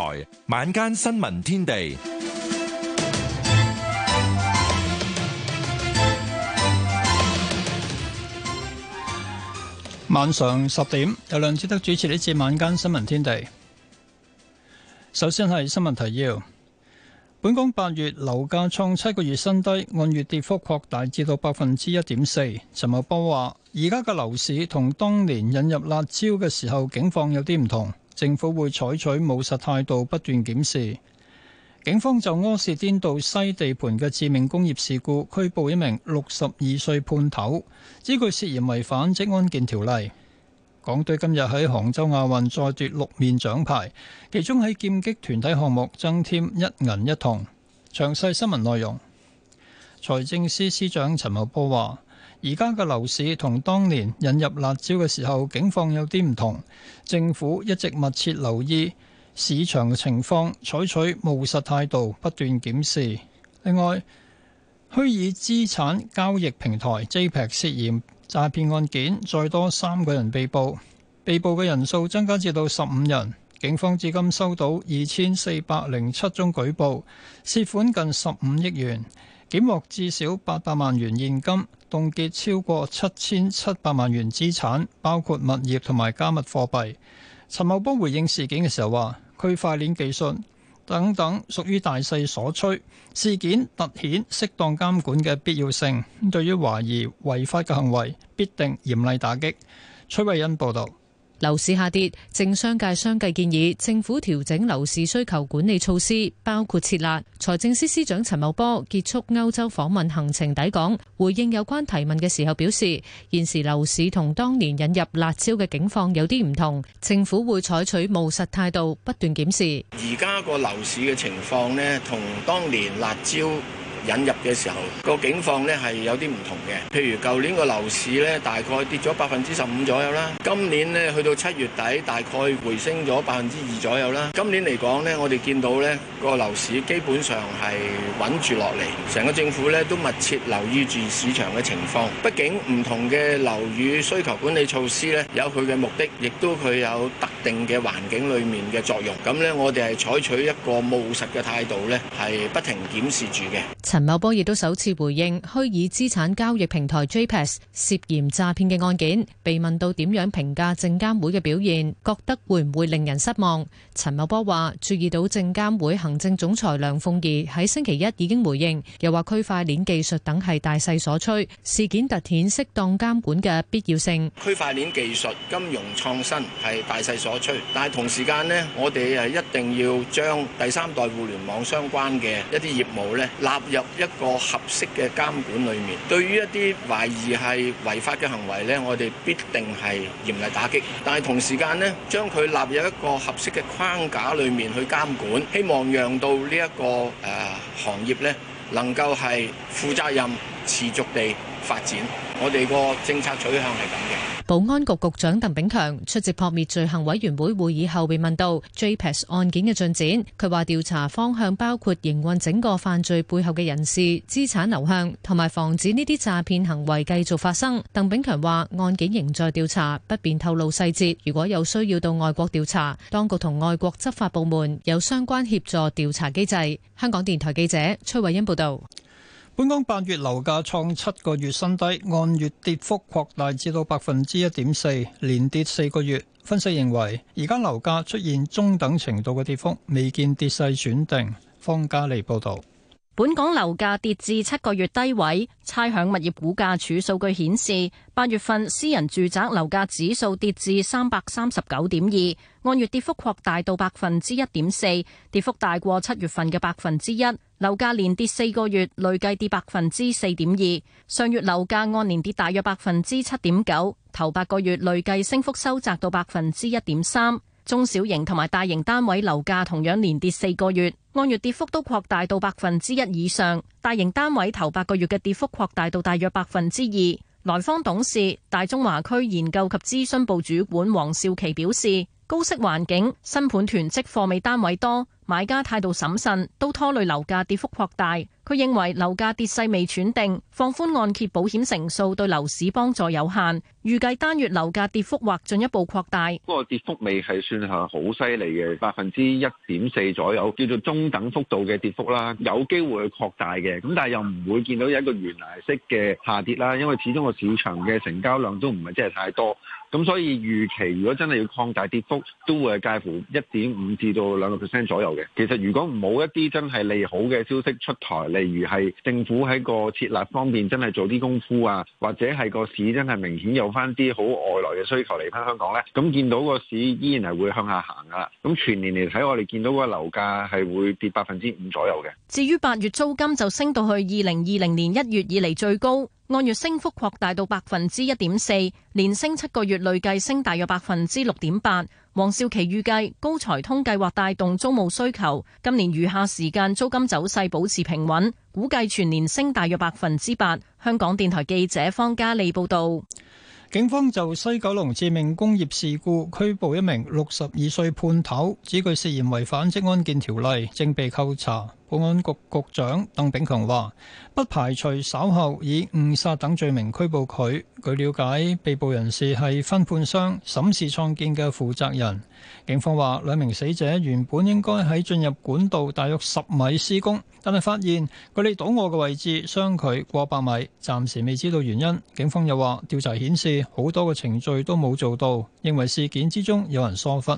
台晚間新聞天地，晚上十點由梁思德主持呢次晚間新聞天地。首先係新聞提要，本港八月樓價創七個月新低，按月跌幅擴大至到百分之一點四。陳茂波話，而家嘅樓市同當年引入辣招嘅時候境況有啲唔同。政府會採取務實態度，不斷檢視。警方就柯士甸道西地盤嘅致命工業事故拘捕一名六十二歲判頭，指佢涉嫌違反職安健條例。港隊今日喺杭州亞運再奪六面獎牌，其中喺劍擊團體項目增添一銀一銅。詳細新聞內容，財政司司長陳茂波話。而家嘅樓市同當年引入辣椒嘅時候情況有啲唔同，政府一直密切留意市場嘅情況，採取務實態度，不斷檢視。另外，虛擬資產交易平台 JPEX 涉嫌詐騙案件，再多三個人被捕，被捕嘅人數增加至到十五人。警方至今收到二千四百零七宗舉報，涉款近十五億元。檢獲至少八百萬元現金，凍結超過七千七百萬元資產，包括物業同埋加密貨幣。陳茂波回應事件嘅時候話，區塊鏈技術等等屬於大勢所趨，事件凸顯適當監管嘅必要性。對於懷疑違法嘅行為，必定嚴厲打擊。崔慧欣報道。樓市下跌，政商界相繼建議政府調整樓市需求管理措施，包括撤辣。財政司司長陳茂波結束歐洲訪問行程抵港，回應有關提問嘅時候表示：現時樓市同當年引入辣椒嘅境況有啲唔同，政府會採取務實態度，不斷檢視。而家個樓市嘅情況呢，同當年辣椒，引入嘅時候，個境況呢係有啲唔同嘅。譬如舊年個樓市呢，大概跌咗百分之十五左右啦。今年呢去到七月底，大概回升咗百分之二左右啦。今年嚟講呢，我哋見到呢個樓市基本上係穩住落嚟。成個政府呢都密切留意住市場嘅情況。畢竟唔同嘅樓宇需求管理措施呢，有佢嘅目的，亦都佢有特定嘅環境裡面嘅作用。咁呢，我哋係採取一個務實嘅態度呢，係不停檢視住嘅。。陳茂波亦都首次回應虛擬資產交易平台入一個合適嘅監管裏面，對於一啲懷疑係違法嘅行為呢，我哋必定係嚴厲打擊。但係同時間呢，將佢納入一個合適嘅框架裏面去監管，希望讓到呢、這、一個誒、呃、行業呢，能夠係負責任、持續地發展，我哋個政策取向係咁嘅。保安局局長鄧炳強出席撲滅罪行委員會會議後，被問到 JPEX 案件嘅進展，佢話調查方向包括營運整個犯罪背後嘅人士、資產流向，同埋防止呢啲詐騙行為繼續發生。鄧炳強話案件仍在調查，不便透露細節。如果有需要到外國調查，當局同外國執法部門有相關協助調查機制。香港電台記者崔偉恩報道。本港八月樓價創七個月新低，按月跌幅擴大至到百分之一點四，連跌四個月。分析認為，而家樓價出現中等程度嘅跌幅，未見跌勢轉定。方家利報導。本港樓價跌至七個月低位，差餉物業估價署數據顯示，八月份私人住宅樓價指數跌至三百三十九點二，按月跌幅擴大到百分之一點四，跌幅大過七月份嘅百分之一。樓價連跌四個月，累計跌百分之四點二。上月樓價按年跌大約百分之七點九，頭八個月累計升幅收窄到百分之一點三。中小型同埋大型單位樓價同樣連跌四個月。按月跌幅都擴大到百分之一以上，大型單位頭八個月嘅跌幅擴大到大約百分之二。來方董事、大中華區研究及諮詢部主管黃少琪表示，高息環境、新盤囤積貨尾單位多，買家態度審慎，都拖累樓價跌幅擴大。佢認為樓價跌勢未斷定。放寬按揭保險成數對樓市幫助有限，預計單月樓價跌幅或進一步擴大。不過跌幅未係算係好犀利嘅，百分之一點四左右，叫做中等幅度嘅跌幅啦。有機會擴大嘅，咁但係又唔會見到有一個懸崖式嘅下跌啦，因為始終個市場嘅成交量都唔係真係太多。咁所以預期如果真係要擴大跌幅，都會係介乎一點五至到兩個 percent 左右嘅。其實如果冇一啲真係利好嘅消息出台，例如係政府喺個設立方，邊真係做啲功夫啊，或者係個市真係明顯有翻啲好外來嘅需求嚟翻香港呢。咁見到個市依然係會向下行噶啦。咁全年嚟睇，我哋見到個樓價係會跌百分之五左右嘅。至於八月租金就升到去二零二零年一月以嚟最高。按月升幅擴大到百分之一點四，連升七個月累計升大約百分之六點八。黃少琪預計高才通計劃帶動租務需求，今年餘下時間租金走勢保持平穩，估計全年升大約百分之八。香港電台記者方嘉利報導。警方就西九龍致命工業事故拘捕一名六十二歲判頭，指佢涉嫌違反職安健條例，正被扣查。保安局局長鄧炳強話：不排除稍後以誤殺等罪名拘捕佢。據了解，被捕人士係分判商審視創建嘅負責人。警方話，兩名死者原本應該喺進入管道大約十米施工，但係發現佢哋倒臥嘅位置相距過百米，暫時未知道原因。警方又話，調查顯示好多嘅程序都冇做到，認為事件之中有人疏忽。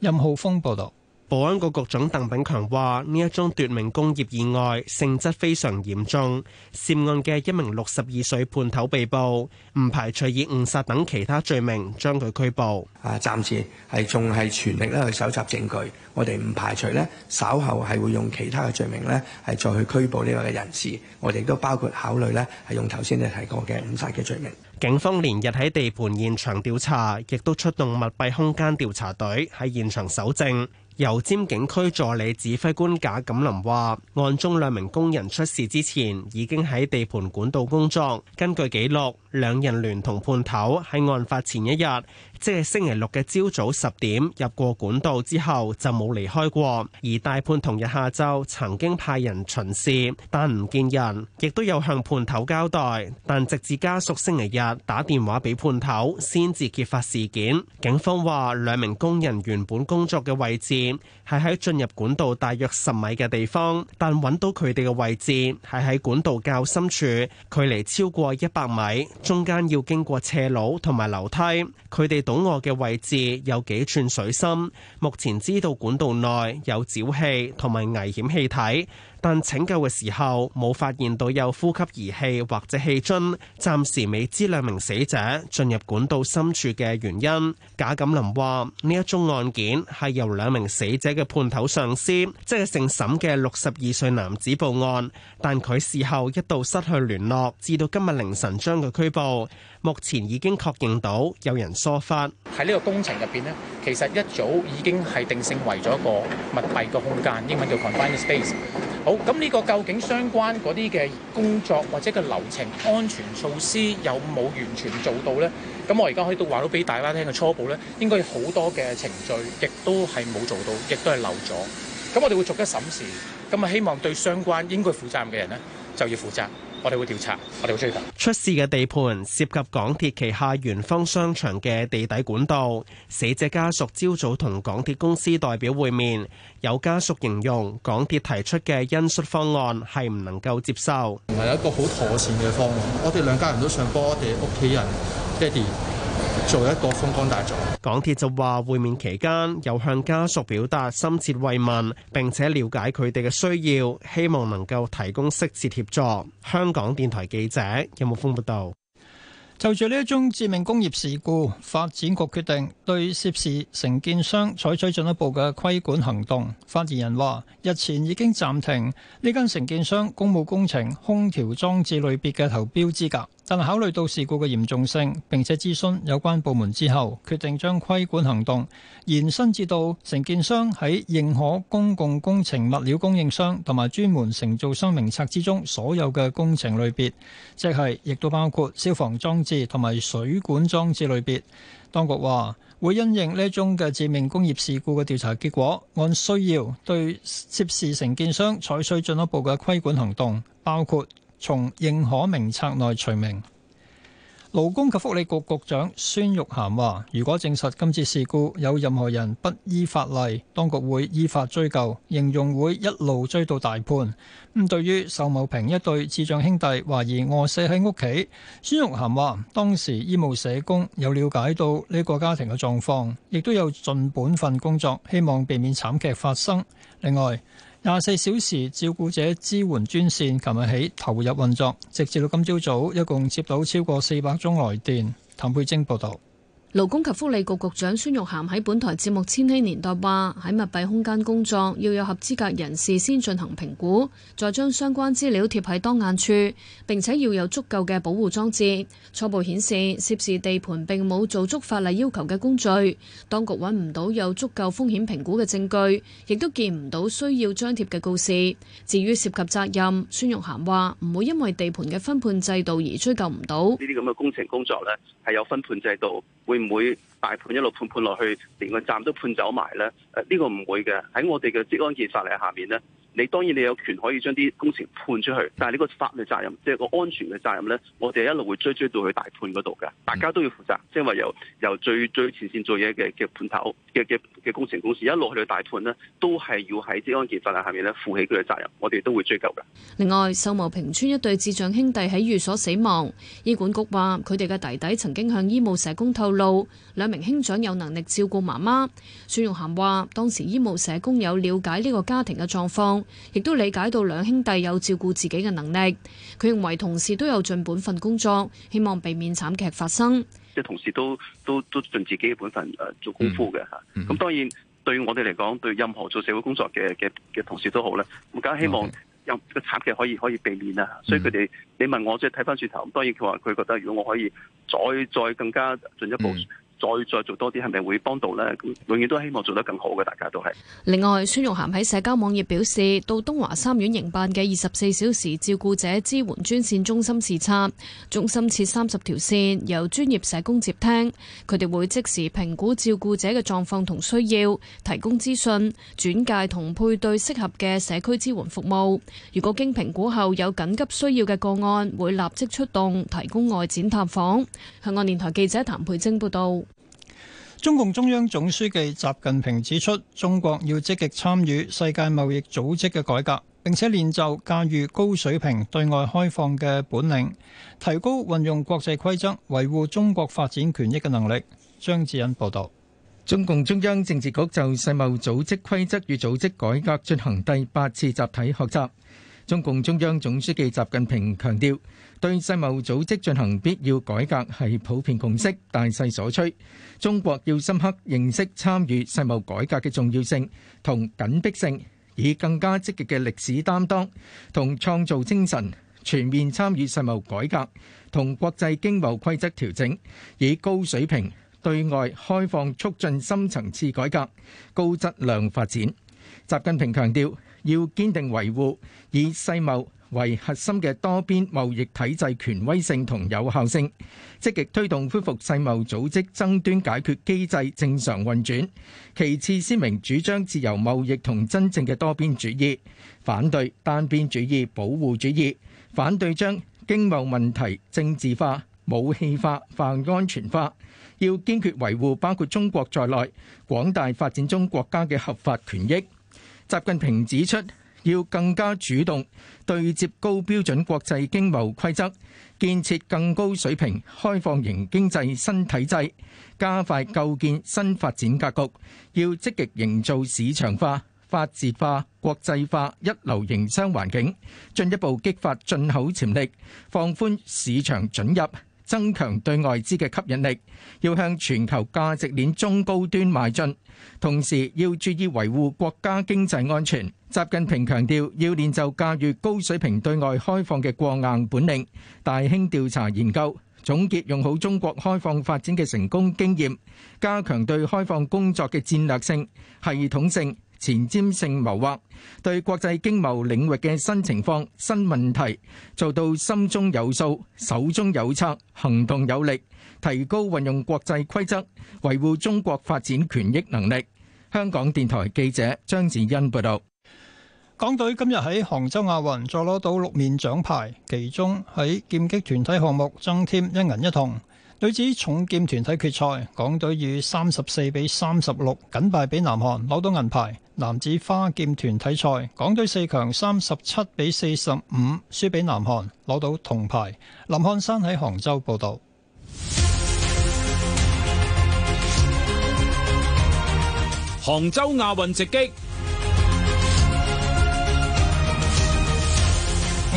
任浩峰報道。保安局局長鄧炳強話：呢一宗奪命工業意外性質非常嚴重，涉案嘅一名六十二歲判頭被捕，唔排除以誤殺等其他罪名將佢拘捕。啊，暫時係仲係全力咧去搜集證據，我哋唔排除呢，稍後係會用其他嘅罪名呢，係再去拘捕呢個嘅人士。我哋亦都包括考慮呢，係用頭先你提過嘅誤殺嘅罪名。警方連日喺地盤現場調查，亦都出動密閉空間調查隊喺現場搜證。油尖警區助理指揮官賈錦林話：案中兩名工人出事之前已經喺地盤管道工作，根據記錄。兩人聯同判頭喺案發前一日，即係星期六嘅朝早十點入過管道之後就冇離開過，而大判同日下晝曾經派人巡視，但唔見人，亦都有向判頭交代，但直至家屬星期日打電話俾判頭先至揭發事件。警方話，兩名工人原本工作嘅位置係喺進入管道大約十米嘅地方，但揾到佢哋嘅位置係喺管道較深處，距離超過一百米。中間要經過斜路同埋樓梯，佢哋倒臥嘅位置有幾寸水深。目前知道管道內有沼氣同埋危險氣體。但拯救嘅時候冇發現到有呼吸儀器或者氣樽，暫時未知兩名死者進入管道深處嘅原因。賈錦林話：呢一宗案件係由兩名死者嘅判頭上司，即係姓沈嘅六十二歲男子報案，但佢事後一度失去聯絡，至到今日凌晨將佢拘捕。目前已經確認到有人疏忽喺呢個工程入邊咧，其實一早已經係定性為咗一個密閉嘅空間，英文叫 confined space。好咁，呢個究竟相關嗰啲嘅工作或者個流程安全措施有冇完全做到咧？咁我而家可以都話到俾大家聽嘅初步咧，應該好多嘅程序亦都係冇做到，亦都係漏咗。咁我哋會逐一審視，咁啊希望對相關應該負責任嘅人咧就要負責。我哋會調查，我哋會追查。出事嘅地盤涉及港鐵旗下元芳商場嘅地底管道。死者家屬朝早同港鐵公司代表會面，有家屬形容港鐵提出嘅恩恤方案係唔能夠接受，唔係一個好妥善嘅方案。我哋兩家人都想幫，我哋屋企人爹哋。做一個風光大作。港鐵就話會面期間有向家屬表達深切慰問，並且了解佢哋嘅需要，希望能夠提供適切協助。香港電台記者任木峰報道。就住呢一宗致命工業事故，發展局決定對涉事承建商採取進一步嘅規管行動。發言人話，日前已經暫停呢間承建商公務工程空調裝置類別嘅投標資格。但考慮到事故嘅嚴重性，並且諮詢有關部門之後，決定將規管行動延伸至到承建商喺認可公共工程物料供應商同埋專門承造商名冊之中所有嘅工程類別，即係亦都包括消防裝置同埋水管裝置類別。當局話會因應呢宗嘅致命工業事故嘅調查結果，按需要對涉事承建商採取進一步嘅規管行動，包括，從認可名冊內除名。勞工及福利局局長孫玉菡話：，如果證實今次事故有任何人不依法例，當局會依法追究，形容會一路追到大判。咁對於秀茂坪一對智障兄弟懷疑餓死喺屋企，孫玉菡話：，當時醫務社工有了解到呢個家庭嘅狀況，亦都有盡本份工作，希望避免慘劇發生。另外。廿四小時照顧者支援專線，琴日起投入運作，直至到今朝早，早，一共接到超過四百宗來電。譚佩晶報道。勞工及福利局局長孫玉菡喺本台節目《千禧年代》話：喺密閉空間工作，要有合資格人士先進行評估，再將相關資料貼喺當眼處，並且要有足夠嘅保護裝置。初步顯示，涉事地盤並冇做足法例要求嘅工序，當局揾唔到有足夠風險評估嘅證據，亦都見唔到需要張貼嘅告示。至於涉及責任，孫玉菡話唔會因為地盤嘅分判制度而追究唔到。呢啲咁嘅工程工作呢，係有分判制度。會唔會？大判一路判判落去，連個站都判走埋咧。呢個唔會嘅，喺我哋嘅職安健法例下面咧，你當然你有權可以將啲工程判出去，但係呢個法律責任，即係個安全嘅責任咧，我哋一路會追追到去大判嗰度嘅。大家都要負責，即係話由由最最前線做嘢嘅嘅判頭嘅嘅嘅工程公司一路去到大判咧，都係要喺職安健法例下面咧負起佢嘅責任。我哋都會追究嘅。另外，秀茂坪村一對智障兄弟喺寓所死亡，醫管局話佢哋嘅弟弟曾經向醫務社工透露，兩名。兄長有能力照顧媽媽，孫玉涵話：當時醫務社工有了解呢個家庭嘅狀況，亦都理解到兩兄弟有照顧自己嘅能力。佢認為同事都有盡本份工作，希望避免慘劇發生。即係同事都都都盡自己嘅本份誒做功夫嘅吓，咁、mm hmm. 當然對我哋嚟講，對任何做社會工作嘅嘅嘅同事都好啦。咁梗係希望有個慘劇可以可以避免啦。Mm hmm. 所以佢哋，你問我即係睇翻轉頭，當然佢話佢覺得如果我可以再再更加進一步。Mm hmm. 再再做多啲，係咪會幫到咧？咁永遠都希望做得更好嘅，大家都係。另外，孫玉菡喺社交網頁表示，到東華三院營辦嘅二十四小時照顧者支援專線中心視察，中心設三十條線，由專業社工接聽。佢哋會即時評估照顧者嘅狀況同需要，提供資訊、轉介同配對適合嘅社區支援服務。如果經評估後有緊急需要嘅個案，會立即出動提供外展探訪。香港電台記者譚佩晶報道。中共中央總書記習近平指出，中國要積極參與世界貿易組織嘅改革，並且練就駕馭高水平對外開放嘅本領，提高運用國際規則維護中國發展權益嘅能力。張志恩報導。中共中央政治局就世貿組織規則與組織改革進行第八次集體學習。中共中央總書記習近平強調，對世貿組織進行必要改革係普遍共識、大勢所趨。中國要深刻認識參與世貿改革嘅重要性同緊迫性，以更加積極嘅歷史擔當同創造精神，全面參與世貿改革同國際經貿規則調整，以高水平對外開放促進深層次改革、高質量發展。習近平強調。要堅定維護以世貿為核心嘅多邊貿易體制權威性同有效性，積極推動恢復世貿組織爭端解決機制正常運轉。其次，鮮明主張自由貿易同真正嘅多邊主義，反對單邊主義、保護主義，反對將經貿問題政治化、武器化、泛安全化。要堅決維護包括中國在內廣大發展中國家嘅合法權益。采習近平指出，要更加主動，對接高標準國際經貿規則，建設更高水平，開放型經濟新體制，加快構建新發展格局，要積極營造市場化、法治化、國際化一流營商環境，進一步激發進口潛力，放寬市場准入，增強對外資嘅吸引力，要向全球價值鏈中高端邁進，同時要注意維護國家經濟安全。習近平強調，要練就駕馭高水平對外開放嘅過硬本領，大興調查研究，總結用好中國開放發展嘅成功經驗，加強對開放工作嘅戰略性、系統性。前瞻性謀劃，對國際經貿領域嘅新情況、新問題，做到心中有數，手中有策，行動有力，提高運用國際規則，維護中國發展權益能力。香港電台記者張子欣報導。港隊今日喺杭州亞運再攞到六面獎牌，其中喺劍擊團體項目增添一銀一銅。女子重劍團體決賽，港隊以三十四比三十六僅敗俾南韓，攞到銀牌。男子花劍團體賽，港隊四強三十七比四十五輸俾南韓，攞到銅牌。林漢山喺杭州報道。杭州亞運直擊。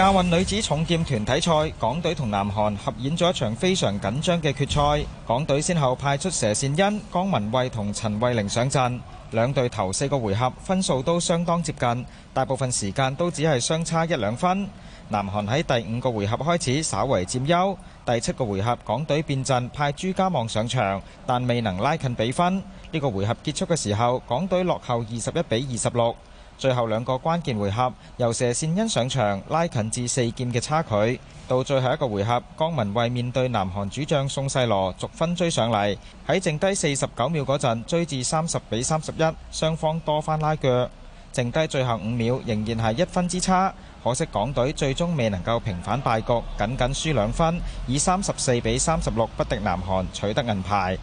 亞運女子重劍團體賽，港隊同南韓合演咗一場非常緊張嘅決賽。港隊先後派出佘善欣、江旻憓同陳慧玲上陣，兩隊頭四個回合分數都相當接近，大部分時間都只係相差一兩分。南韓喺第五個回合開始稍為佔優，第七個回合港隊變陣派朱嘉望上場，但未能拉近比分。呢、這個回合結束嘅時候，港隊落後二十一比二十六。最後兩個關鍵回合，由佘繕妡上場拉近至四劍嘅差距，到最後一個回合，江旻憓面對南韓主將宋世羅逐分追上嚟，喺剩低四十九秒嗰陣追至三十比三十一，雙方多番拉鋸，剩低最後五秒仍然係一分之差，可惜港隊最終未能夠平反敗局，僅僅輸兩分，以三十四比三十六不敵南韓，取得銀牌。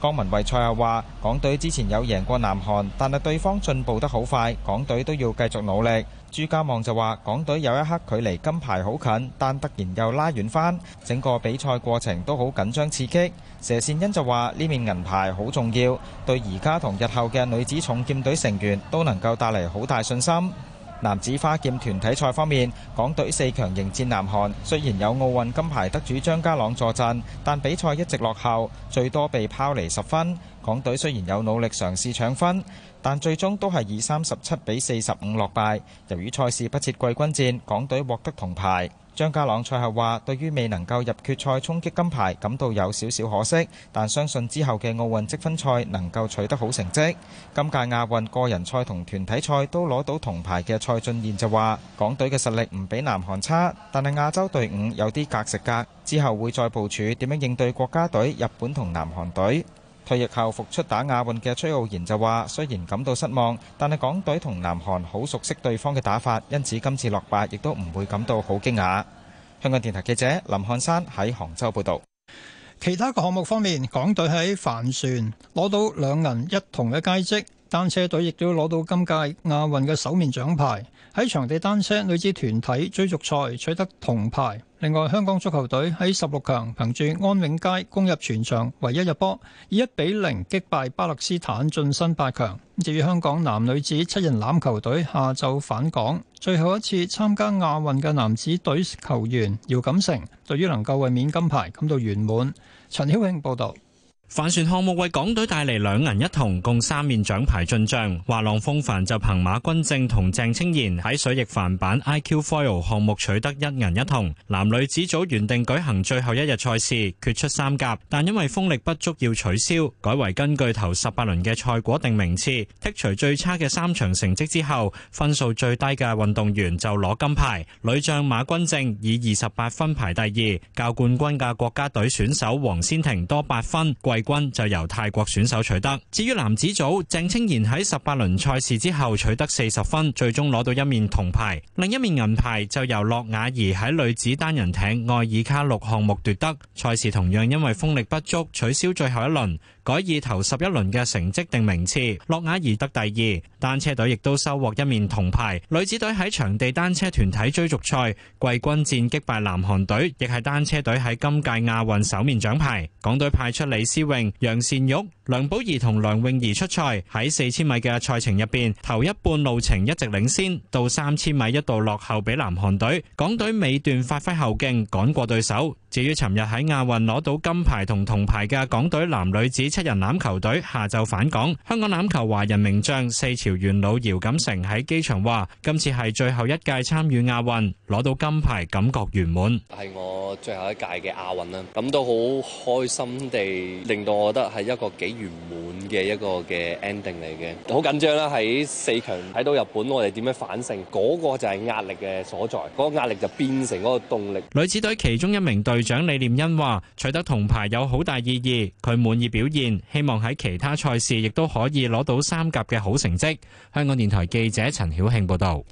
江文慧賽後話：港隊之前有贏過南韓，但係對方進步得好快，港隊都要繼續努力。朱家望就話：港隊有一刻距離金牌好近，但突然又拉遠翻，整個比賽過程都好緊張刺激。佘善欣就話：呢面銀牌好重要，對而家同日後嘅女子重劍隊成員都能夠帶嚟好大信心。男子花劍團體賽方面，港隊四強迎戰南韓，雖然有奧運金牌得主張家朗助陣，但比賽一直落後，最多被拋離十分。港隊雖然有努力嘗試搶分，但最終都係以三十七比四十五落敗。由於賽事不設季軍戰，港隊獲得銅牌。張家朗賽後話：對於未能夠入決賽衝擊金牌感到有少少可惜，但相信之後嘅奧運積分賽能夠取得好成績。今屆亞運個人賽同團體賽都攞到銅牌嘅蔡俊彥就話：港隊嘅實力唔比南韓差，但係亞洲隊伍有啲格食格。之後會再部署點樣應對國家隊、日本同南韓隊。退役後復出打亞運嘅崔浩然就話：雖然感到失望，但係港隊同南韓好熟悉對方嘅打法，因此今次落敗亦都唔會感到好驚訝。香港電台記者林漢山喺杭州報道，其他個項目方面，港隊喺帆船攞到兩銀一銅嘅佳績，單車隊亦都攞到今屆亞運嘅首面獎牌，喺場地單車女子團體追逐賽取得銅牌。另外，香港足球隊喺十六強憑住安永佳攻入全場唯一入波，以一比零擊敗巴勒斯坦，晉身八強。至於香港男女子七人欖球隊下晝返港，最後一次參加亞運嘅男子隊球員姚錦成，對於能夠衛冕金牌感到圓滿。陳曉穎報道。帆船項目為港隊帶嚟兩銀一銅共三面獎牌進賬。滑浪風帆就憑馬君正同鄭清賢喺水翼帆板 IQFoil 項目取得一銀一銅。男女子組原定舉行最後一日賽事，決出三甲，但因為風力不足要取消，改為根據頭十八輪嘅賽果定名次。剔除最差嘅三場成績之後，分數最低嘅運動員就攞金牌。女將馬君正以二十八分排第二，較冠軍嘅國家隊選手黃仙婷多八分。冠軍就由泰國選手取得。至於男子組，鄭清賢喺十八輪賽事之後取得四十分，最終攞到一面銅牌。另一面銀牌就由洛雅怡喺女子單人艇愛爾卡六項目奪得。賽事同樣因為風力不足取消最後一輪，改以頭十一輪嘅成績定名次。洛雅怡得第二。單車隊亦都收穫一面銅牌。女子隊喺場地單車團體追逐賽季軍戰擊敗南韓隊，亦係單車隊喺今屆亞運首面獎牌。港隊派出李思。泳楊善玉、梁寶儀同梁泳儀出賽。喺四千米嘅賽程入邊，頭一半路程一直領先,到三千米一度落後俾南韓隊。港隊尾段發揮後勁，趕過對手。至於尋日喺亞運攞到金牌同銅牌嘅港隊男女子七人欖球隊，下晝返港。香港欖球華人名將四朝元老姚錦成喺機場話：今次係最後一屆參與亞運，攞到金牌感覺圓滿，係我最後一屆嘅亞運啦。咁都好開心地。令到我覺得係一個幾圓滿嘅一個嘅 ending 嚟嘅，好緊張啦！喺四強睇到日本，我哋點樣反勝？嗰個就係壓力嘅所在，嗰個壓力就變成嗰個動力。女子隊其中一名隊長李念欣話：取得銅牌有好大意義，佢滿意表現，希望喺其他賽事亦都可以攞到三甲嘅好成績。香港電台記者陳曉慶報導。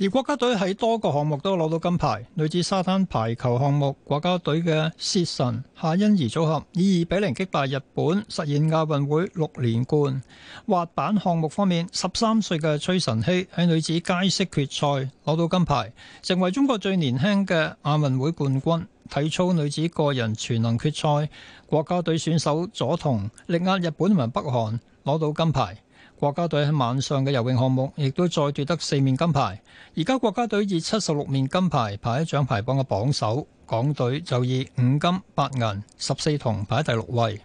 而國家隊喺多個項目都攞到金牌，女子沙灘排球項目國家隊嘅薛晨夏欣怡組合以二比零擊敗日本，實現亞運會六連冠。滑板項目方面，十三歲嘅崔晨曦喺女子街式決賽攞到金牌，成為中國最年輕嘅亞運會冠軍。體操女子個人全能決賽，國家隊選手左彤力壓日本同北韓攞到金牌。國家隊喺晚上嘅游泳項目亦都再奪得四面金牌，而家國家隊以七十六面金牌排喺獎牌榜嘅榜首，港隊就以五金八銀十四銅排喺第六位。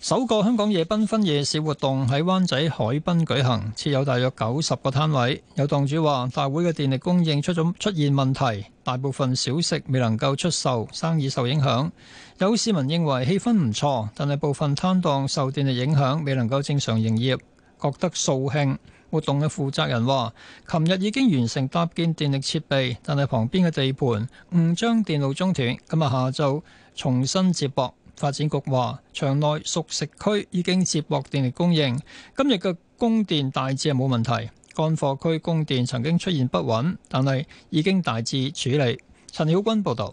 首個香港夜繽紛夜市活動喺灣仔海濱舉行，設有大約九十個攤位。有檔主話，大會嘅電力供應出咗出現問題，大部分小食未能夠出售，生意受影響。有市民認為氣氛唔錯，但係部分攤檔受電力影響未能夠正常營業，覺得掃興。活動嘅負責人話，琴日已經完成搭建電力設備，但係旁邊嘅地盤唔將電路中斷，今日下晝重新接駁。發展局話，場內熟食區已經接獲電力供應，今日嘅供電大致係冇問題。乾貨區供電曾經出現不穩，但係已經大致處理。陳曉君報道。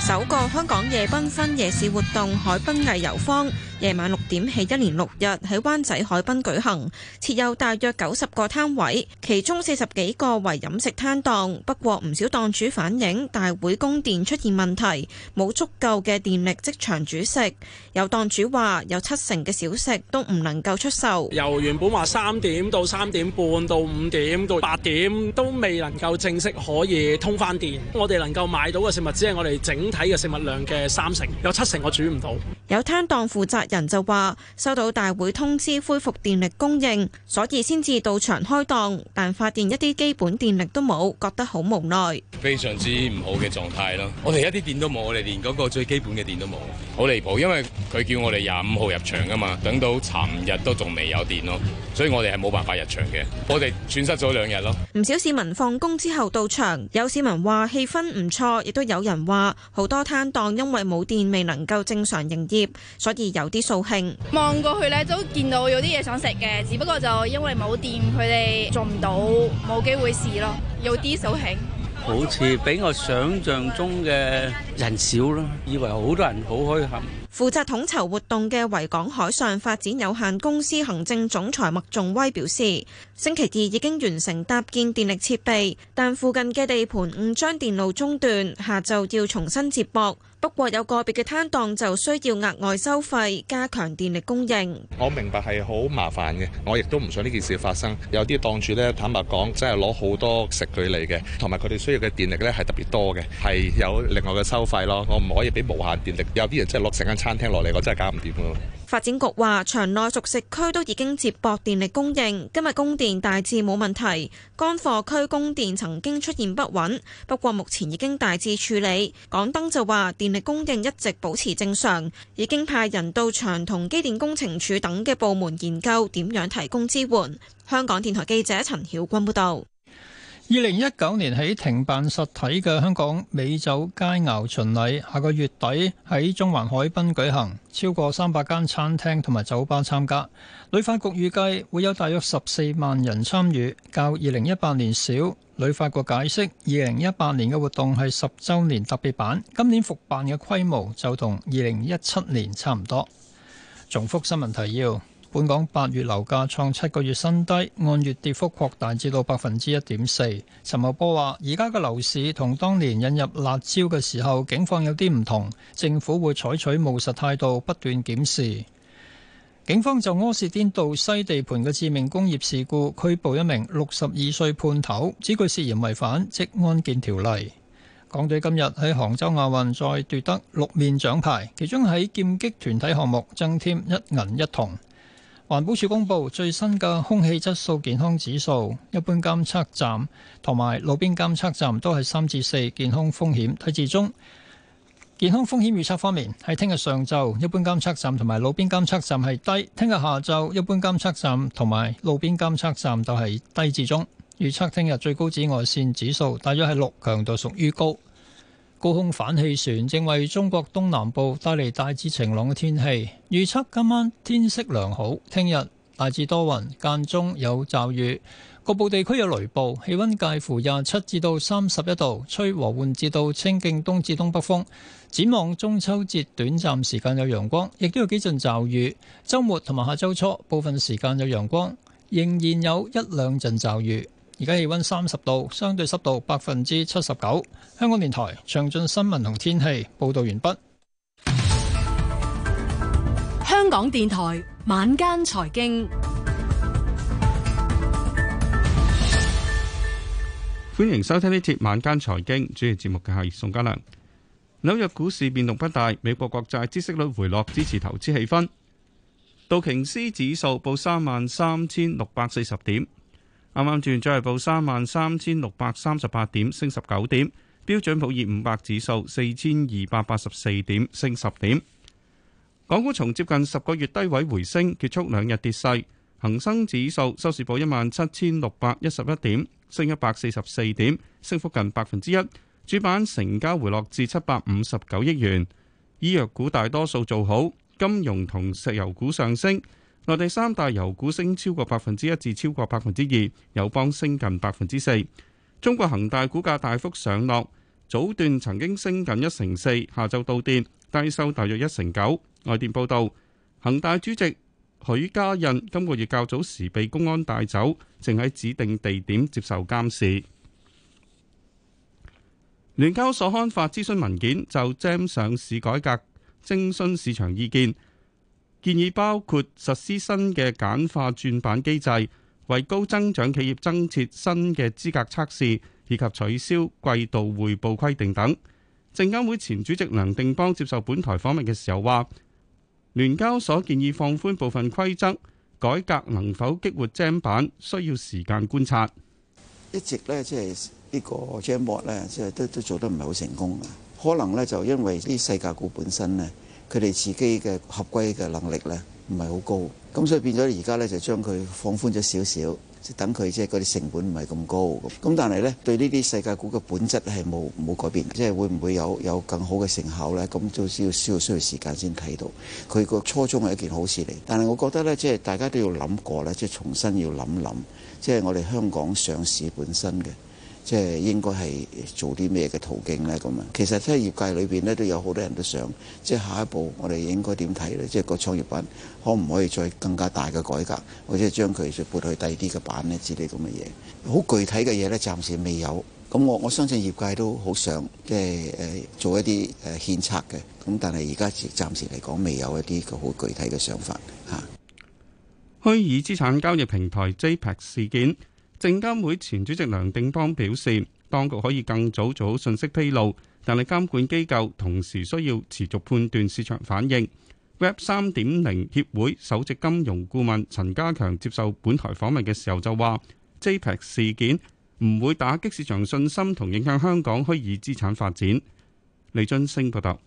首個香港夜繽紛夜市活動海濱藝遊坊。夜晚六點起，一連六日喺灣仔海濱舉行，設有大約九十個攤位，其中四十幾個為飲食攤檔。不過唔少檔主反映，大會供電出現問題，冇足夠嘅電力即場煮食。有檔主話，有七成嘅小食都唔能夠出售。由原本話三點到三點半到五點到八點，都未能夠正式可以通返電。我哋能夠買到嘅食物，只係我哋整體嘅食物量嘅三成，有七成我煮唔到。有攤檔負責人就話收到大會通知恢復電力供應，所以先至到場開檔。但發現一啲基本電力都冇，覺得好無奈。非常之唔好嘅狀態咯。我哋一啲電都冇，我哋連嗰個最基本嘅電都冇，好離譜。因為佢叫我哋廿五號入場㗎嘛，等到尋日都仲未有電咯，所以我哋係冇辦法入場嘅。我哋損失咗兩日咯。唔少市民放工之後到場，有市民話氣氛唔錯，亦都有人話好多攤檔因為冇電未能夠正常營業，所以有啲。掃興，望過去呢都見到有啲嘢想食嘅，只不過就因為冇電，佢哋做唔到，冇機會試咯，有啲掃興。好似比我想象中嘅人少咯，以為好多人好墟冚。負責統籌活動嘅維港海上發展有限公司行政總裁麥仲威表示，星期二已經完成搭建電力設備，但附近嘅地盤誤將電路中斷，下晝要重新接駁。不過有個別嘅攤檔就需要額外收費，加強電力供應。我明白係好麻煩嘅，我亦都唔想呢件事發生。有啲檔主咧，坦白講，真係攞好多食材嚟嘅，同埋佢哋需要嘅電力咧係特別多嘅，係有另外嘅收費咯。我唔可以俾無限電力，有啲人真係落成間餐廳落嚟，我真係搞唔掂。發展局話，場內熟食區都已經接駁電力供應，今日供電大致冇問題。乾貨區供電曾經出現不穩，不過目前已經大致處理。港燈就話，電力供應一直保持正常，已經派人到場同機電工程署等嘅部門研究點樣提供支援。香港電台記者陳曉君報道。二零一九年喺停辦實體嘅香港美酒佳肴巡禮，下個月底喺中環海濱舉行，超過三百間餐廳同埋酒吧參加。旅發局預計會有大約十四萬人參與，較二零一八年少。旅發局解釋，二零一八年嘅活動係十周年特別版，今年復辦嘅規模就同二零一七年差唔多。重複新聞提要。本港八月樓價創七個月新低，按月跌幅擴大至到百分之一點四。陳茂波話，而家嘅樓市同當年引入辣招嘅時候，警方有啲唔同，政府會採取務實態度，不斷檢視。警方就柯士甸道西地盤嘅致命工業事故，拘捕一名六十二歲判頭，指佢涉嫌違反職安健條例。港隊今日喺杭州亞運再奪得六面獎牌，其中喺劍擊團體項目增添一銀一銀一銅。環保署公布最新嘅空氣質素健康指數，一般監測站同埋路邊監測站都係三至四，健康風險低至中。健康風險預測方面，喺聽日上晝，一般監測站同埋路邊監測站係低；聽日下晝，一般監測站同埋路邊監測站就係低至中。預測聽日最高紫外線指數大約係六，強度屬於高。高空反氣旋正為中國東南部帶嚟大致晴朗嘅天氣，預測今晚天色良好，聽日大致多雲間中有驟雨，局部地區有雷暴，氣温介乎廿七至到三十一度，吹和緩至到清勁東至東北風。展望中秋節短暫時間有陽光，亦都有幾陣驟雨，週末同埋下周初部分時間有陽光，仍然有一兩陣驟雨。而家氣溫三十度，相對濕度百分之七十九。香港電台詳盡新聞同天氣報道完畢。香港電台晚間財經，歡迎收聽呢節晚間財經。主持節目嘅係宋家良。紐約股市變動不大，美國國債孳息率回落，支持投資氣氛。道瓊斯指數報三萬三千六百四十點。啱啱轉，再係報三萬三千六百三十八點，升十九點。標準普爾五百指數四千二百八十四點，升十點。港股從接近十個月低位回升，結束兩日跌勢。恒生指數收市報一萬七千六百一十一點，升一百四十四點，升幅近百分之一。主板成交回落至七百五十九億元。醫藥股大多數做好，金融同石油股上升。內地三大油股升超過百分之一至超過百分之二，友邦升近百分之四。中國恒大股價大幅上落，早段曾經升近一成四，下晝倒跌，低收大約一成九。外電報道，恒大主席許家印今個月較早時被公安帶走，正喺指定地點接受監視。聯交所刊發諮詢文件，就 GEM 上市改革徵詢市場意見。建議包括實施新嘅簡化轉板機制，為高增長企業增設新嘅資格測試，以及取消季度匯報規定等。證監會前主席梁定邦接受本台訪問嘅時候話，聯交所建議放寬部分規則，改革能否激活 GEM 板需要時間觀察。一直咧即係呢個 GEM 板咧，即係都都做得唔係好成功，可能咧就因為啲細價股本身咧。佢哋自己嘅合規嘅能力呢，唔係好高，咁所以變咗而家呢就將佢放寬咗少少，即係等佢即係嗰啲成本唔係咁高咁。咁但係呢對呢啲世界股嘅本質係冇冇改變，即係會唔會有有更好嘅成效呢？咁都需要需要需要時間先睇到。佢個初衷係一件好事嚟，但係我覺得呢，即係大家都要諗過呢，即係重新要諗諗，即係我哋香港上市本身嘅。即係應該係做啲咩嘅途徑呢？咁啊！其實喺業界裏邊呢都有好多人都想，即係下一步我哋應該點睇呢？即係個創業板可唔可以再更加大嘅改革，或者將佢再撥去第二啲嘅板呢？之類咁嘅嘢。好具體嘅嘢呢，暫時未有。咁我我相信業界都好想即係誒做一啲誒獻策嘅。咁但係而家暫時嚟講，未有一啲個好具體嘅想法嚇。虛擬資產交易平台 JPEX 事件。證監會前主席梁定邦表示，當局可以更早做好信息披露，但係監管機構同時需要持續判斷市場反應。Web 三點零協會首席金融顧問陳家強接受本台訪問嘅時候就話，JPEX 事件唔會打擊市場信心同影響香港虛擬資產發展。李津升報道。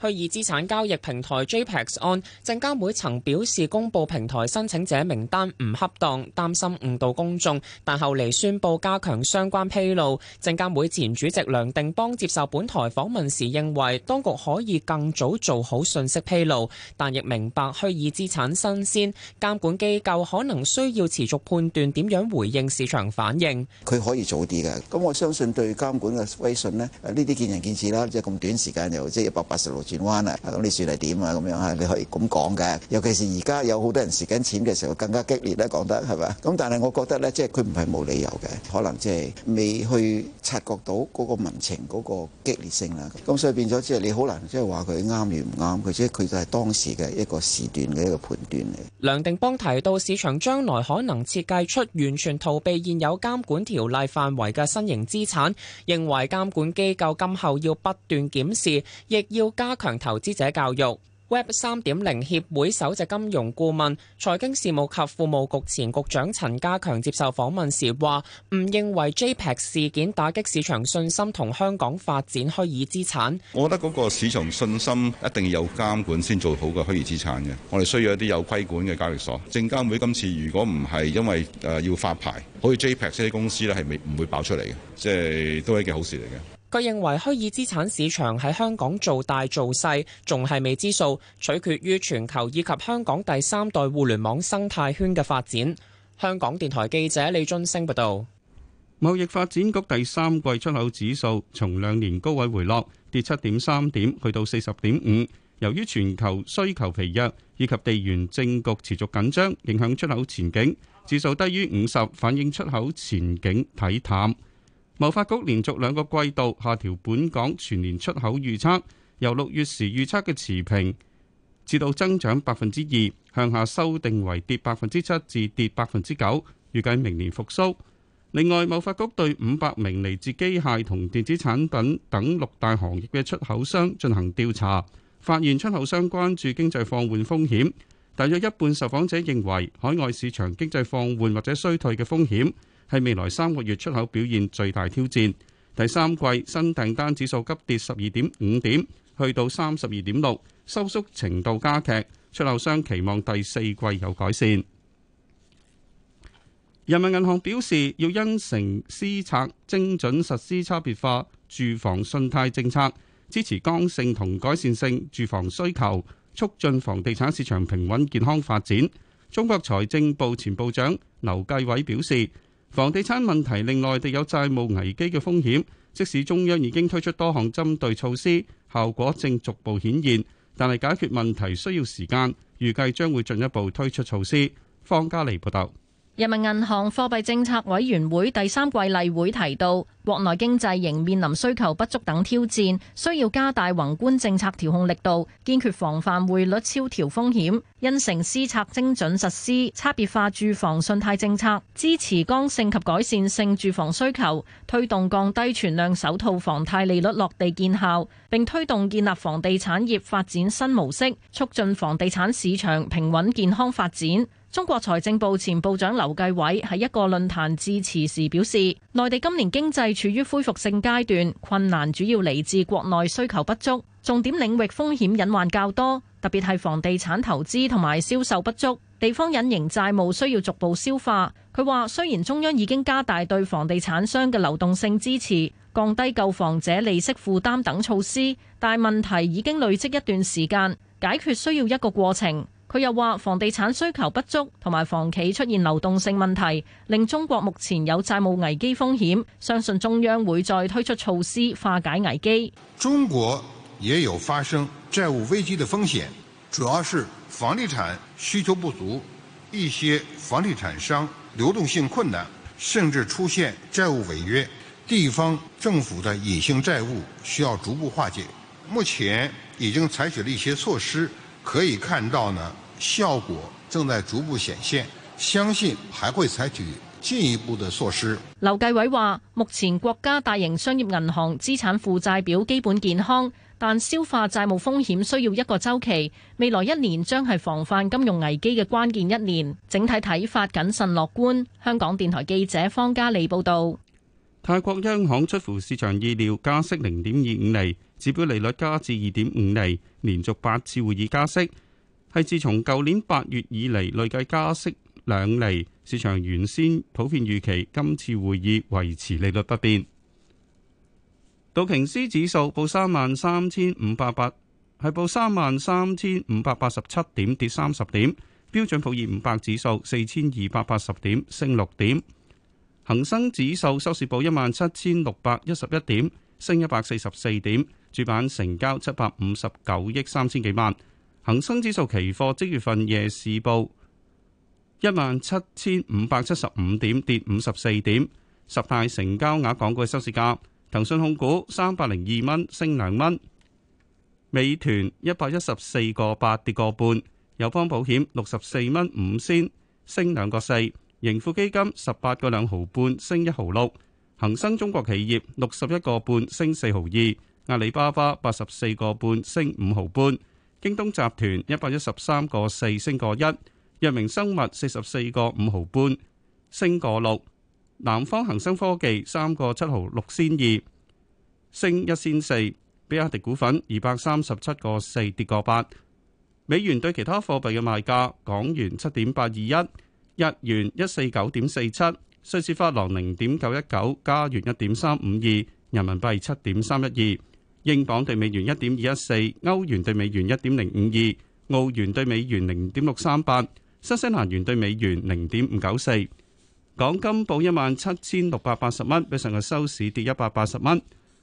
虛擬資產交易平台 JPEX 案，證監會曾表示公布平台申請者名單唔恰當，擔心誤導公眾，但後嚟宣布加強相關披露。證監會前主席梁定邦接受本台訪問時認為，當局可以更早做好信息披露，但亦明白虛擬資產新鮮，監管機構可能需要持續判斷點樣回應市場反應。佢可以早啲㗎，咁我相信對監管嘅威信呢，呢啲見仁見智啦，即係咁短時間又即係一百八十六。轉彎啊！咁你算係點啊？咁樣啊，你可以咁講嘅。尤其是而家有好多人蝕緊錢嘅時候，更加激烈咧。講得係咪？咁但係我覺得咧，即係佢唔係冇理由嘅，可能即係未去察覺到嗰個民情嗰個激烈性啦。咁所以變咗即係你好難即係話佢啱與唔啱。佢即係佢就係當時嘅一個時段嘅一個判斷嚟。梁定邦提到，市場將來可能設計出完全逃避現有監管條例範圍嘅新型資產，認為監管機構今後要不斷檢視，亦要加強投資者教育。Web 三點零協會首席金融顧問、財經事務及庫務局前局長陳家強接受訪問時話：唔認為 JPEX 事件打擊市場信心同香港發展虛擬資產。我覺得嗰個市場信心一定要有監管先做好個虛擬資產嘅。我哋需要一啲有規管嘅交易所。證監會今次如果唔係因為誒、呃、要發牌，好似 JPEX 呢啲公司咧係未唔會爆出嚟嘅，即係都係一件好事嚟嘅。佢認為虛擬資產市場喺香港做大做細仲係未知數，取決於全球以及香港第三代互聯網生態圈嘅發展。香港電台記者李津升報導，貿易發展局第三季出口指數從兩年高位回落，跌七點三點，去到四十點五。由於全球需求疲弱以及地緣政局持續緊張，影響出口前景，指數低於五十，反映出口前景睇淡。貿發局連續兩個季度下調本港全年出口預測，由六月時預測嘅持平，至到增長百分之二，向下修訂為跌百分之七至跌百分之九，預計明年復甦。另外，貿發局對五百名嚟自機械同電子產品等六大行業嘅出口商進行調查，發現出口商關注經濟放緩風險，大約一半受訪者認為海外市場經濟放緩或者衰退嘅風險。係未來三個月出口表現最大挑戰。第三季新訂單指數急跌十二點五點，去到三十二點六，收縮程度加劇。出口商期望第四季有改善。人民銀行表示要因城施策，精準實施差別化住房信貸政策，支持剛性同改善性住房需求，促進房地產市場平穩健康發展。中國財政部前部長劉繼偉表示。房地產問題令內地有債務危機嘅風險，即使中央已經推出多項針對措施，效果正逐步顯現，但係解決問題需要時間，預計將會進一步推出措施。方家莉報導。人民銀行貨幣政策委員會第三季例會提到，國內經濟仍面臨需求不足等挑戰，需要加大宏觀政策調控力度，堅決防範匯率超調風險，因城施策、精準實施差別化住房信貸政策，支持剛性及改善性住房需求，推動降低存量首套房貸利率落地見效，並推動建立房地產業發展新模式，促進房地產市場平穩健康發展。中國財政部前部長劉繼偉喺一個論壇致辭時表示，內地今年經濟處於恢復性階段，困難主要嚟自國內需求不足，重點領域風險隱患較多，特別係房地產投資同埋銷售不足，地方隱形債務需要逐步消化。佢話雖然中央已經加大對房地產商嘅流動性支持，降低購房者利息負擔等措施，但問題已經累積一段時間，解決需要一個過程。佢又話：房地產需求不足同埋房企出現流動性問題，令中國目前有債務危機風險。相信中央會再推出措施化解危機。中國也有發生債務危機的風險，主要是房地產需求不足，一些房地產商流動性困難，甚至出現債務違約。地方政府的隱性債務需要逐步化解。目前已經採取了一些措施。可以看到呢，效果正在逐步顯現，相信還會採取進一步的措施。劉繼偉話：目前國家大型商業銀行資產負債表基本健康，但消化債務風險需要一個週期。未來一年將係防範金融危機嘅關鍵一年。整體睇法謹慎樂觀。香港電台記者方嘉利報道。泰國央行出乎市場意料加息零點二五厘。指標利率加至二點五厘，連續八次會議加息，係自從舊年八月以嚟累計加息兩厘。市場原先普遍預期今次會議維持利率不變。道瓊斯指數報三萬三千五百八，係報三萬三千五百八十七點，跌三十點。標準普爾五百指數四千二百八十點，升六點。恒生指數收市報一萬七千六百一十一點。升一百四十四點，主板成交七百五十九億三千幾萬。恒生指數期貨即月份夜市報一萬七千五百七十五點，跌五十四點。十大成交額港股收市價：騰訊控股三百零二蚊，升兩蚊；美團一百一十四個八，跌個半；友邦保險六十四蚊五仙，升兩個四；盈富基金十八個兩毫半，升一毫六。恒生中國企業六十一個半升四毫二，阿里巴巴八十四個半升五毫半，京東集團一百一十三個四升個一，藥明生物四十四個五毫半升個六，南方恒生科技三個七毫六仙二升一仙四，比亞迪股份二百三十七個四跌個八，美元對其他貨幣嘅賣價，港元七點八二一，日元一四九點四七。瑞士法郎零點九一九，加元一點三五二，人民幣七點三一二，英鎊兌美元一點二一四，歐元兌美元一點零五二，澳元兌美元零點六三八，新西蘭元兌美元零點五九四。港金報一萬七千六百八十蚊，比上日收市跌一百八十蚊。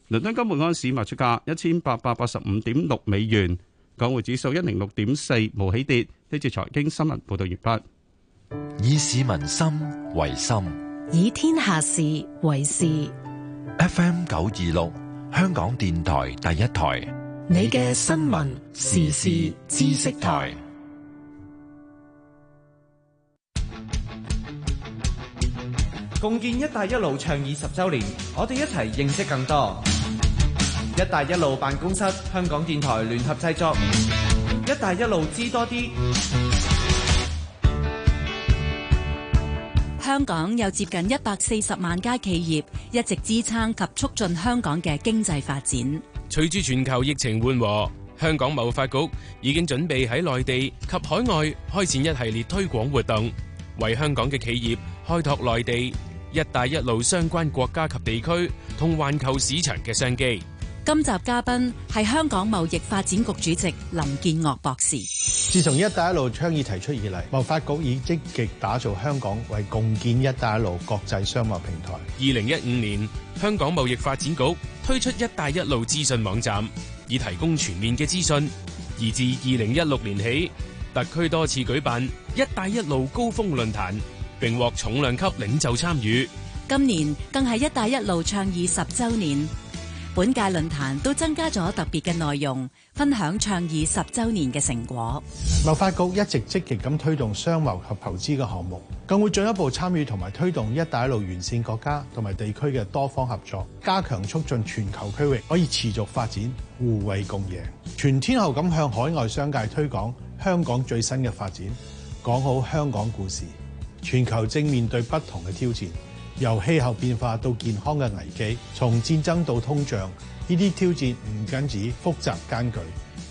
倫敦金換安市賣出價一千八百八十五點六美元，港匯指數一零六點四，無起跌。呢節財經新聞報道完畢。以市民心為心。以天下事為事。FM 九二六，香港電台第一台。你嘅新聞時事知識台。共建“一帶一路”倡議十周年，我哋一齊認識更多。“一帶一路”辦公室、香港電台聯合製作。“一帶一路”知多啲。香港有接近一百四十萬家企業，一直支撐及促進香港嘅經濟發展。隨住全球疫情緩和，香港貿發局已經準備喺內地及海外開展一系列推廣活動，為香港嘅企業開拓內地、一帶一路相關國家及地區同環球市場嘅商機。今集嘉賓係香港貿易發展局主席林建岳博士。自從“一帶一路”倡議提出以來，貿發局已積極打造香港為共建“一帶一路”國際商貿平台。二零一五年，香港貿易發展局推出“一帶一路”資訊網站，以提供全面嘅資訊；而自二零一六年起，特區多次舉辦“一帶一路”高峰論壇，並獲重量級領袖參與。今年更係“一帶一路”倡議十周年。本屆論壇都增加咗特別嘅內容，分享倡議十週年嘅成果。貿發局一直積極咁推動商貿及投資嘅項目，更會進一步參與同埋推動「一帶一路」完善國家同埋地區嘅多方合作，加強促進全球區域可以持續發展、互惠共贏。全天候咁向海外商界推廣香港最新嘅發展，講好香港故事。全球正面對不同嘅挑戰。由氣候變化到健康嘅危機，從戰爭到通脹，呢啲挑戰唔僅止複雜艱巨，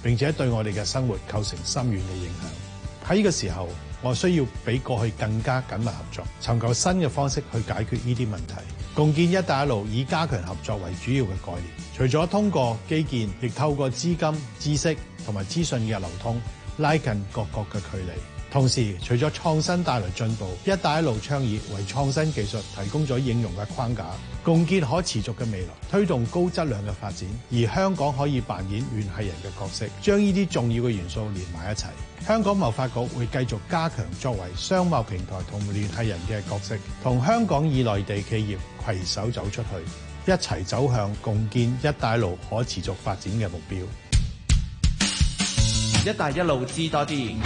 並且對我哋嘅生活構成深遠嘅影響，喺呢個時候，我需要比過去更加緊密合作，尋求新嘅方式去解決呢啲問題，共建「一帶一路」以加強合作為主要嘅概念，除咗通過基建，亦透過資金、知識同埋資訊嘅流通，拉近各國嘅距離。同時，除咗創新帶來進步，「一帶一路」倡議為創新技術提供咗應用嘅框架，共建可持續嘅未來，推動高質量嘅發展。而香港可以扮演聯繫人嘅角色，將呢啲重要嘅元素連埋一齊。香港貿發局會繼續加強作為商貿平台同聯繫人嘅角色，同香港以內地企業攜手走出去，一齊走向共建「一帶一路」可持續發展嘅目標。「一帶一路」知多啲。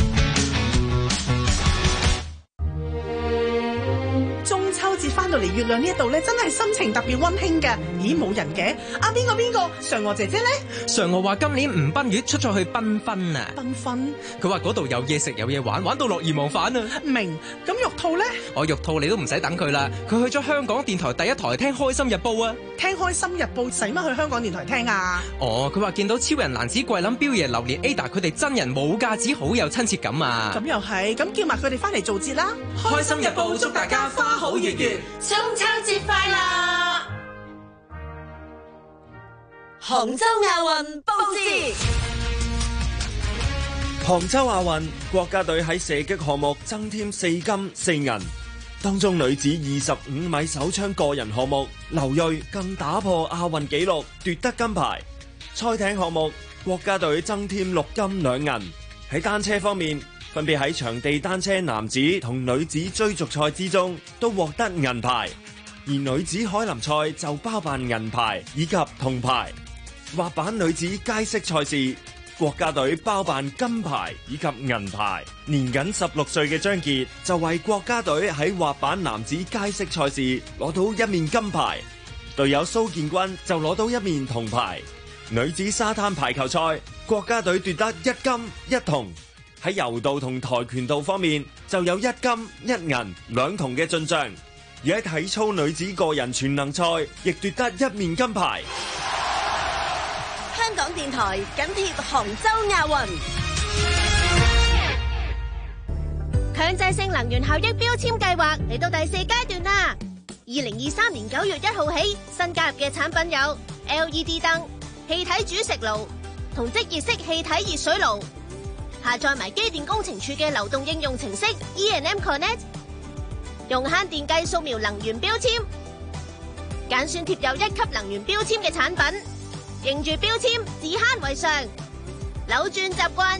到嚟月亮呢一度咧，真係心情特別溫馨嘅。咦，冇人嘅？啊，邊個邊個？嫦娥姐姐咧？嫦娥話今年吳賓月出咗去繽紛，紛啊！繽紛，紛。佢話嗰度有嘢食有嘢玩，玩到樂而忘返啊！明。咁玉兔咧？我、哦、玉兔你都唔使等佢啦，佢去咗香港電台第一台聽開心日報啊！聽開心日報，使乜去香港電台聽啊？哦，佢話見到超人男子桂林彪爺榴蓮 Ada，佢哋真人冇架子，好有親切感啊！咁又係，咁叫埋佢哋翻嚟做節啦！開心日報，祝大家花好月圓。中秋節快樂！杭州亞運報捷，杭州亞運國家隊喺射擊項目增添四金四銀，當中女子二十五米手槍個人項目劉銳更打破亞運紀錄奪得金牌。賽艇項目國家隊增添六金兩銀，喺單車方面，分別喺場地單車男子同女子追逐賽之中都獲得銀牌，而女子凱林賽就包辦銀牌以及銅牌。滑板女子街式賽事國家隊包辦金牌以及銀牌。年僅十六歲嘅張傑就為國家隊喺滑板男子街式賽事攞到一面金牌，隊友蘇建軍就攞到一面銅牌。女子沙灘排球賽國家隊奪得一金一銅。喺柔道同跆拳道方面，就有一金一銀兩銅嘅進賬，而喺體操女子個人全能賽亦奪得一面金牌。香港電台緊貼杭州亞運，強制性能源效益標籤計劃嚟到第四階段啦。二零二三年九月一號起，新加入嘅產品有 LED 燈、氣體煮食爐同職業式氣體熱水爐。下載埋機電工程署嘅流動應用程式 E&M Connect，用慳電計掃描能源標籤，揀選貼有一級能源標籤嘅產品，認住標籤，自慳為上，扭轉習慣。